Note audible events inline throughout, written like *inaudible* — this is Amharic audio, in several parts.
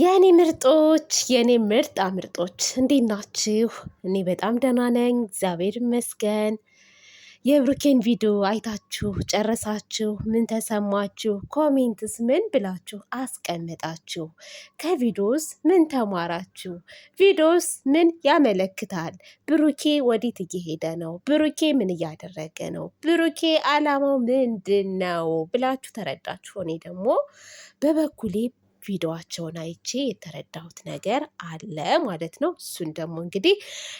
የእኔ ምርጦች የእኔ ምርጥ ምርጦች እንዴት ናችሁ? እኔ በጣም ደህና ነኝ፣ እግዚአብሔር ይመስገን። የብሩኬን ቪዲዮ አይታችሁ ጨረሳችሁ? ምን ተሰማችሁ? ኮሜንትስ ምን ብላችሁ አስቀምጣችሁ? ከቪዲዮስ ምን ተማራችሁ? ቪዲዮስ ምን ያመለክታል? ብሩኬ ወዴት እየሄደ ነው? ብሩኬ ምን እያደረገ ነው? ብሩኬ አላማው ምንድን ነው ብላችሁ ተረዳችሁ? እኔ ደግሞ በበኩሌ ቪዲዮዋቸውን አይቼ የተረዳሁት ነገር አለ ማለት ነው። እሱን ደግሞ እንግዲህ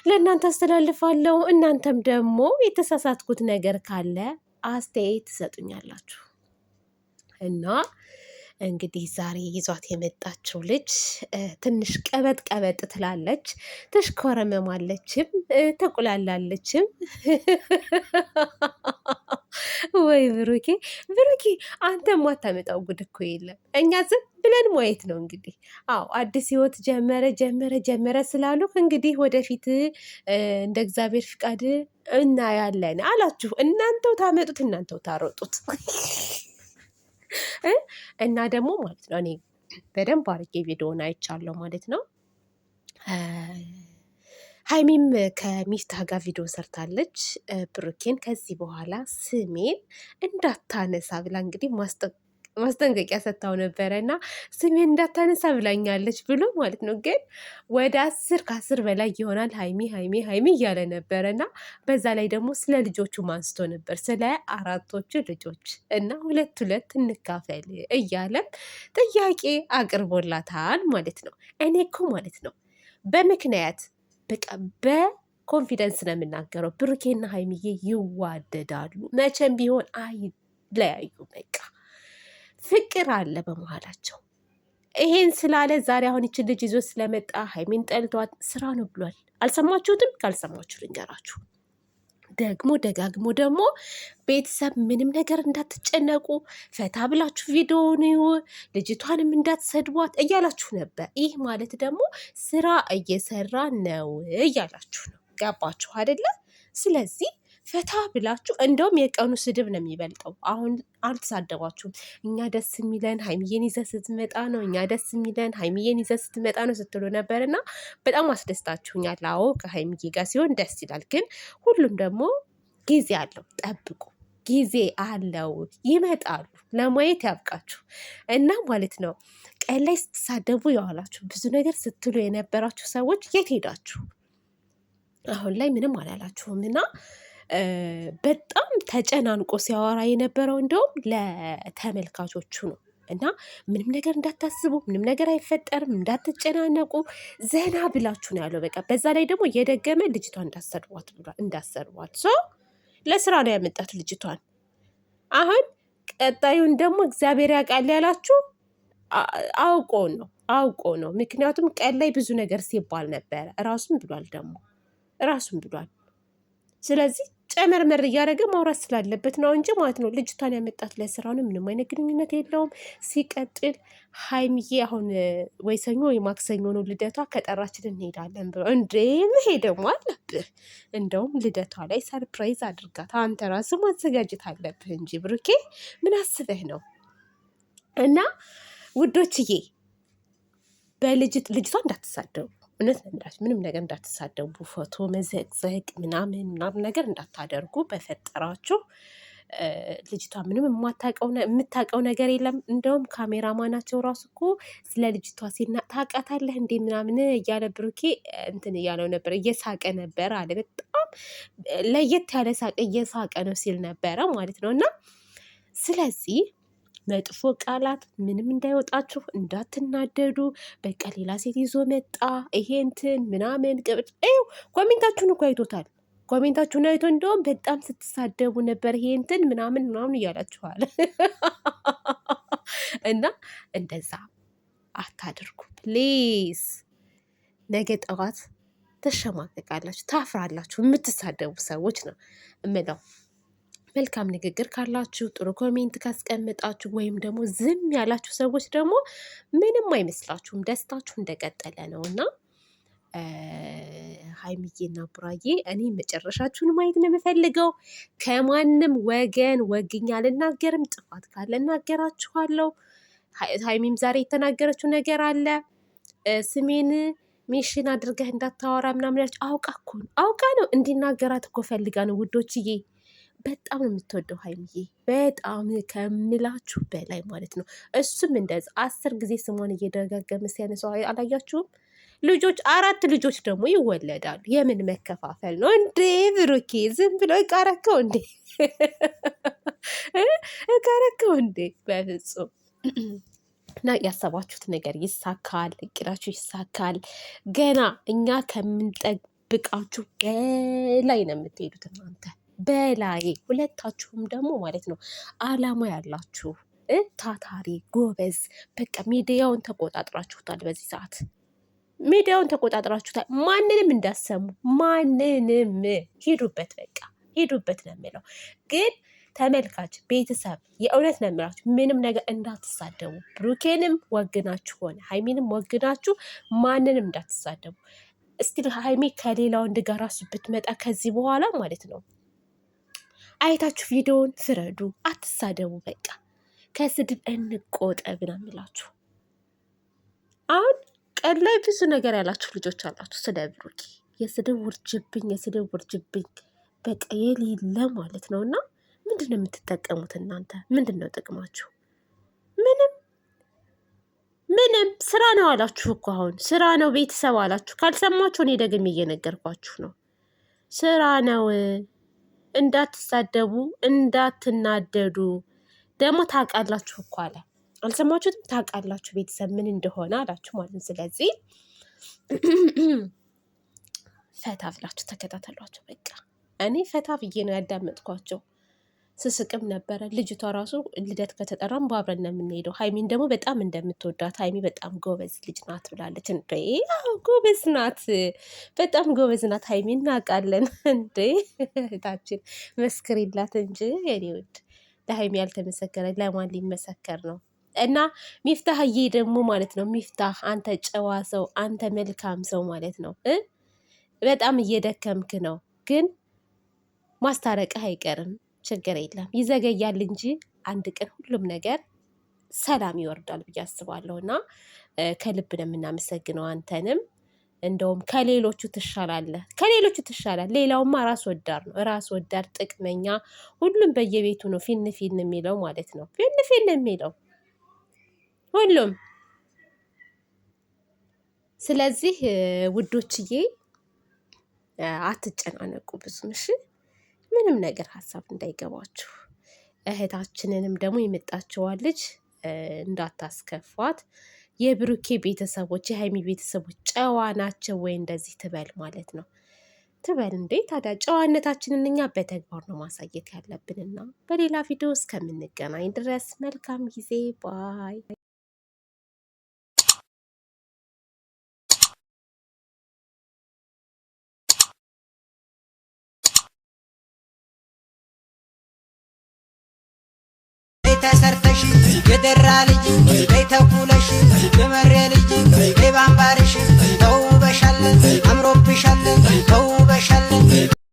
ለእናንተ አስተላልፋለሁ። እናንተም ደግሞ የተሳሳትኩት ነገር ካለ አስተያየት ትሰጡኛላችሁ እና እንግዲህ ዛሬ ይዟት የመጣችው ልጅ ትንሽ ቀበጥ ቀበጥ ትላለች፣ ተሽኮረመማለችም፣ ተቁላላለችም። *laughs* ወይ ብሩኬ ብሩኬ አንተ ማታመጣው ጉድ እኮ የለም። እኛ ዝም ብለን ማየት ነው እንግዲህ። አዎ አዲስ ህይወት ጀመረ ጀመረ ጀመረ ስላሉ እንግዲህ ወደፊት እንደ እግዚአብሔር ፍቃድ እናያለን አላችሁ። እናንተው ታመጡት፣ እናንተው ታሮጡት እና ደግሞ ማለት ነው እኔ በደንብ አርጌ ቪዲዮን አይቻለሁ ማለት ነው። ሀይሚም ከሚፍታህ ጋር ቪዲዮ ሰርታለች። ብሩኬን ከዚህ በኋላ ስሜን እንዳታነሳ ብላ እንግዲህ ማስጠንቀቂያ ሰጥታው ነበረ እና ስሜን እንዳታነሳ ብላኛለች ብሎ ማለት ነው። ግን ወደ አስር ከአስር በላይ ይሆናል ሀይሚ ሀይሚ ሀይሚ እያለ ነበረ እና በዛ ላይ ደግሞ ስለ ልጆቹ ማንስቶ ነበር ስለ አራቶቹ ልጆች እና ሁለት ሁለት እንካፈል እያለ ጥያቄ አቅርቦላታል ማለት ነው። እኔ እኮ ማለት ነው በምክንያት በቃ በኮንፊደንስ ነው የምናገረው። ብሩኬና ሀይሚዬ ይዋደዳሉ፣ መቼም ቢሆን አይለያዩ። በቃ ፍቅር አለ በመሃላቸው። ይሄን ስላለ ዛሬ አሁን ይችን ልጅ ይዞ ስለመጣ ሀይሚን ጠልቷት ስራ ነው ብሏል። አልሰማችሁትም? ካልሰማችሁ ልንገራችሁ። ደግሞ ደጋግሞ ደግሞ ቤተሰብ ምንም ነገር እንዳትጨነቁ ፈታ ብላችሁ ቪዲዮን ይሁ ልጅቷንም እንዳትሰድቧት እያላችሁ ነበር። ይህ ማለት ደግሞ ስራ እየሰራ ነው እያላችሁ ነው። ገባችሁ አይደለም? ስለዚህ ፈታ ብላችሁ እንደውም የቀኑ ስድብ ነው የሚበልጠው። አሁን አልተሳደባችሁም። እኛ ደስ የሚለን ሀይሚዬን ይዘ ስትመጣ ነው፣ እኛ ደስ የሚለን ሀይሚዬን ይዘ ስትመጣ ነው ስትሉ ነበር እና በጣም አስደስታችሁኛል። አዎ ከሀይሚዬ ጋር ሲሆን ደስ ይላል። ግን ሁሉም ደግሞ ጊዜ አለው፣ ጠብቁ። ጊዜ አለው፣ ይመጣሉ። ለማየት ያብቃችሁ እና ማለት ነው። ቀን ላይ ስትሳደቡ የዋላችሁ ብዙ ነገር ስትሉ የነበራችሁ ሰዎች የት ሄዳችሁ? አሁን ላይ ምንም አላላችሁም እና በጣም ተጨናንቆ ሲያወራ የነበረው እንደውም ለተመልካቾቹ ነው። እና ምንም ነገር እንዳታስቡ፣ ምንም ነገር አይፈጠርም፣ እንዳትጨናነቁ፣ ዘና ብላችሁ ነው ያለው። በቃ በዛ ላይ ደግሞ እየደገመ ልጅቷ እንዳሰርቧት ብሏል። እንዳሰርቧት ሰው ለስራ ነው ያመጣት ልጅቷን። አሁን ቀጣዩን ደግሞ እግዚአብሔር ያውቃል ያላችሁ አውቆ ነው አውቆ ነው። ምክንያቱም ቀን ላይ ብዙ ነገር ሲባል ነበረ። ራሱም ብሏል ደግሞ ራሱም ብሏል። ስለዚህ ጨመርመር እያደረገ ማውራት ስላለበት ነው እንጂ ማለት ነው። ልጅቷን ያመጣት ለስራ ነው። ምንም አይነት ግንኙነት የለውም። ሲቀጥል ሀይምዬ አሁን ወይ ሰኞ ወይ ማክሰኞ ነው ልደቷ። ከጠራችን እንሄዳለን ብሎ እንዴ መሄድ ደግሞ አለብህ። እንደውም ልደቷ ላይ ሰርፕራይዝ አድርጋት። አንተ ራሱ ማዘጋጀት አለብህ እንጂ ብሩኬ፣ ምን አስበህ ነው? እና ውዶችዬ ልጅቷ እንዳትሳደቡ እውነት ነው ምንም ነገር እንዳትሳደቡ፣ ፎቶ መዘቅዘቅ ምናምን ምናምን ነገር እንዳታደርጉ በፈጠራችሁ። ልጅቷ ምንም የምታውቀው ነገር የለም። እንደውም ካሜራማናቸው ራሱ እኮ ስለ ልጅቷ ሲና ታውቃታለህ እንዴ ምናምን እያለ ብሩኬ እንትን እያለው ነበር፣ እየሳቀ ነበር አለ። በጣም ለየት ያለ ሳቅ እየሳቀ ነው ሲል ነበረ ማለት ነው እና ስለዚህ መጥፎ ቃላት ምንም እንዳይወጣችሁ እንዳትናደዱ። በቃ ሌላ ሴት ይዞ መጣ ይሄ እንትን ምናምን ቅብጭ ው ኮሜንታችሁን እኮ አይቶታል። ኮሜንታችሁን አይቶ እንደውም በጣም ስትሳደቡ ነበር ይሄ እንትን ምናምን ምናምን እያላችኋል *laughs* እና እንደዛ አታድርጉ ፕሊዝ። ነገ ጠዋት ተሸማቀቃላችሁ፣ ታፍራላችሁ። የምትሳደቡ ሰዎች ነው እምለው። መልካም ንግግር ካላችሁ፣ ጥሩ ኮሜንት ካስቀምጣችሁ፣ ወይም ደግሞ ዝም ያላችሁ ሰዎች ደግሞ ምንም አይመስላችሁም፣ ደስታችሁ እንደቀጠለ ነው እና ሀይሚዬና ቡራዬ እኔ መጨረሻችሁን ማየት ነው የምፈልገው። ከማንም ወገን ወግኛ አልናገርም። ጥፋት ካለ እናገራችኋለሁ። ሀይሚም ዛሬ የተናገረችው ነገር አለ። ስሜን ሜሽን አድርገህ እንዳታወራ ምናምን ያለችው አውቃ እኮ ነው። አውቃ ነው እንዲናገራት እኮ ፈልጋ ነው ውዶችዬ። በጣም ነው የምትወደው ሀይሚዬ፣ በጣም ከምላችሁ በላይ ማለት ነው። እሱም እንደዚ አስር ጊዜ ስሟን እየደጋገመ ሲያነሳው አላያችሁም? ልጆች አራት ልጆች ደግሞ ይወለዳሉ። የምን መከፋፈል ነው እንዴ? ብሩኬ ዝም ብሎ እቃረከው እንዴ? *laughs* እቃረከው እንዴ? በፍጹም እና *clears throat* ያሰባችሁት ነገር ይሳካል፣ እቅዳችሁ ይሳካል። ገና እኛ ከምንጠብቃችሁ በላይ ነው የምትሄዱት እናንተ። በላዬ ሁለታችሁም ደግሞ ማለት ነው አላማ ያላችሁ ታታሪ ጎበዝ፣ በቃ ሚዲያውን ተቆጣጥራችሁታል። በዚህ ሰዓት ሚዲያውን ተቆጣጥራችሁታል። ማንንም እንዳሰሙ ማንንም ሂዱበት፣ በቃ ሂዱበት ነው የሚለው። ግን ተመልካች ቤተሰብ የእውነት ነው የምላችሁ፣ ምንም ነገር እንዳትሳደቡ። ብሩኬንም ወግናችሁ ሆነ ሀይሚንም ወግናችሁ ማንንም እንዳትሳደቡ። እስቲ ሀይሚ ከሌላ ወንድ ጋር እራሱ ብትመጣ ከዚህ በኋላ ማለት ነው አይታችሁ ቪዲዮውን ፍረዱ። አትሳደቡ። በቃ ከስድብ እንቆጠብ ነው የሚላችሁ። አሁን ቀን ላይ ብዙ ነገር ያላችሁ ልጆች አላችሁ። ስለ ብሩኪ የስድብ ውርጅብኝ፣ የስድብ ውርጅብኝ በቃ የሌለ ማለት ነው። እና ምንድን ነው የምትጠቀሙት እናንተ? ምንድን ነው ጥቅማችሁ? ምንም ምንም። ስራ ነው አላችሁ እኮ አሁን ስራ ነው ቤተሰብ አላችሁ። ካልሰማችሁ እኔ ደግሜ እየነገርኳችሁ ነው። ስራ ነው። እንዳትሳደቡ፣ እንዳትናደዱ። ደግሞ ታውቃላችሁ እኮ አለ። አልሰማችሁትም? ታውቃላችሁ ቤተሰብ ምን እንደሆነ አላችሁ ማለት ነው። ስለዚህ *clears throat* ፈታ ብላችሁ ተከታተሏቸው። በቃ እኔ ፈታ ብዬ ነው ያዳመጥኳቸው። ስስቅም ነበረ። ልጅቷ ራሱ ልደት ከተጠራም በአብረን ነው የምንሄደው። ሀይሚን ደግሞ በጣም እንደምትወዳት ሀይሚ በጣም ጎበዝ ልጅ ናት ብላለች። እንዴ ጎበዝ ናት፣ በጣም ጎበዝ ናት ሀይሚ እናውቃለን። እንዴ እህታችን መስክሪላት እንጂ የኔውድ ለሀይሚ ያልተመሰከረ ለማን ሊመሰከር ነው? እና ሚፍታህዬ ደግሞ ማለት ነው ሚፍታህ፣ አንተ ጨዋ ሰው፣ አንተ መልካም ሰው ማለት ነው። በጣም እየደከምክ ነው፣ ግን ማስታረቅህ አይቀርም። ችግር የለም ይዘገያል እንጂ አንድ ቀን ሁሉም ነገር ሰላም ይወርዳል ብዬ አስባለሁ። እና ከልብ ነው የምናመሰግነው አንተንም እንደውም ከሌሎቹ ትሻላለህ፣ ከሌሎቹ ትሻላለህ። ሌላውማ ራስ ወዳድ ነው፣ ራስ ወዳድ ጥቅመኛ። ሁሉም በየቤቱ ነው ፊን ፊን የሚለው ማለት ነው፣ ፊን ፊን የሚለው ሁሉም። ስለዚህ ውዶችዬ አትጨናነቁ ብዙ ምሽ ምንም ነገር ሀሳብ እንዳይገባችሁ። እህታችንንም ደግሞ የመጣችዋን ልጅ እንዳታስከፏት። የብሩኬ ቤተሰቦች የሀይሚ ቤተሰቦች ጨዋ ናቸው ወይ እንደዚህ ትበል ማለት ነው ትበል እንዴ ታዲያ። ጨዋነታችንን እኛ በተግባር ነው ማሳየት ያለብንና በሌላ ቪዲዮ እስከምንገናኝ ድረስ መልካም ጊዜ ባይ ተሰርተሽ የደራ ልጅ በይ ተኩለሽ የመሬ ልጅ በይ ባምባርሽ ተውበሻለን አምሮብሻለን ተውበሻለን